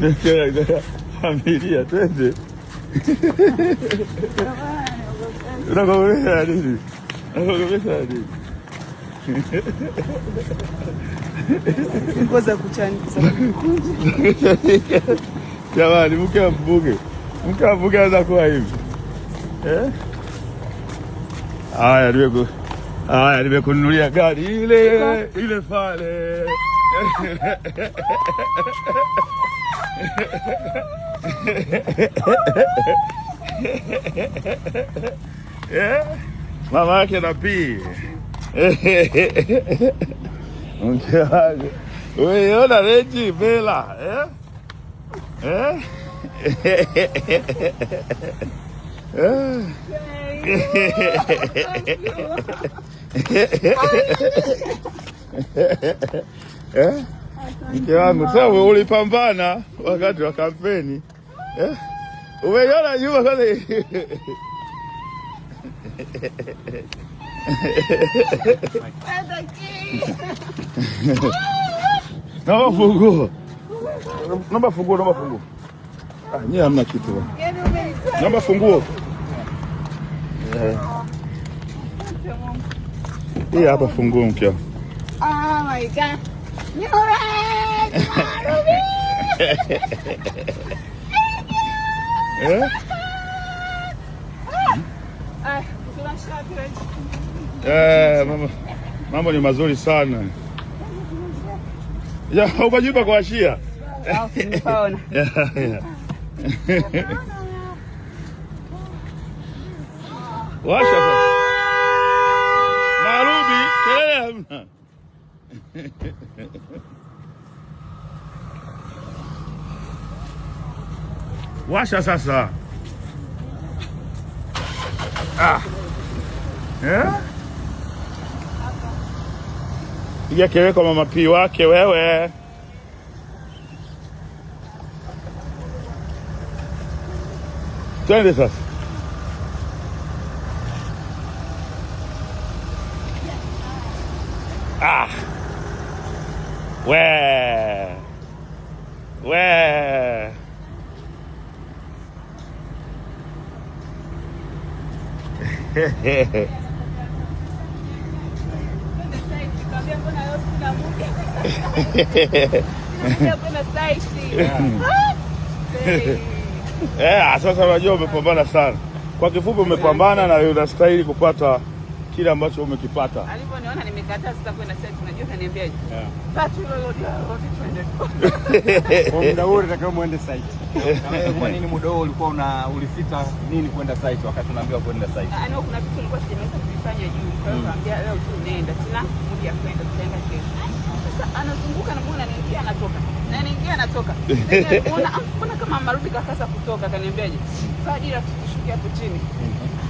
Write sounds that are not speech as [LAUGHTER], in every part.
Nikiona familia twende, unaogopesha nini? Unaogopesha nini? Jamani, mke wa mbunge, mke wa mbunge anaweza kuwa hivi. Haya, niwe Haya, nimekununulia gari ile ile pale yeah. Mama yake na pii mkewaje? Umeiona renji bela eh? eh? eh? Mke wangu sasa ulipambana wakati wa kampeni. eh? Umeiona nyuma kwanza. Naomba funguo. Naomba funguo, naomba funguo. Ah, nyie hamna kitu. Naomba funguo. Eh. Hii hapa funguo mke wangu. Oh my God. [LAUGHS] Eh, ah, ah, Eh, mambo, mambo ni mazuri sana. Ya, ubajipa kwa shia. [LAUGHS] Washa Hamna. Washa sasa. Ah. Yeah? Piga kelele kwa mama pii wake wewe. Twende sasa. we [LAUGHS] eh, we ah, sasa unajua umepambana sana. Kwa kifupi, umepambana na unastahili kupata kile ambacho umekipata. Aliponiona nimekataa, sasa kwenda sasa, tunajua kaniambia hivi. Yeah. Tatu lolote lolo tuende. Kwa muda wote nataka muende site. Kama kwa nini muda wote ulikuwa una ulisita nini kwenda site wakati unaambiwa kwenda site? Ah, no, kuna vitu nilikuwa sijaweza kufanya juu. Kwa hiyo mm. kaambia leo tu nenda. Sina muda ya kwenda, tutaenda kesho. Sasa anazunguka na muona anaingia anatoka. Na anaingia anatoka. Nimeona kuna ah, kama amarudi kakasa kutoka, kaniambia kaniambiaje? Fadila tukushukia hapo chini. Mm-hmm.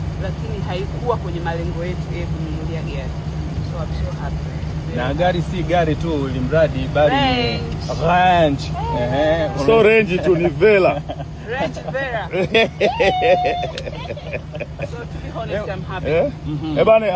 lakini haikuwa kwenye malengo yetu yeye kununulia gari. So I'm so happy. Na gari si gari tu limradi bali range. Eh, so range tu ni Vela. Range Vela. [LAUGHS] So to be honest, I'm happy. Eh, mhm. eh bana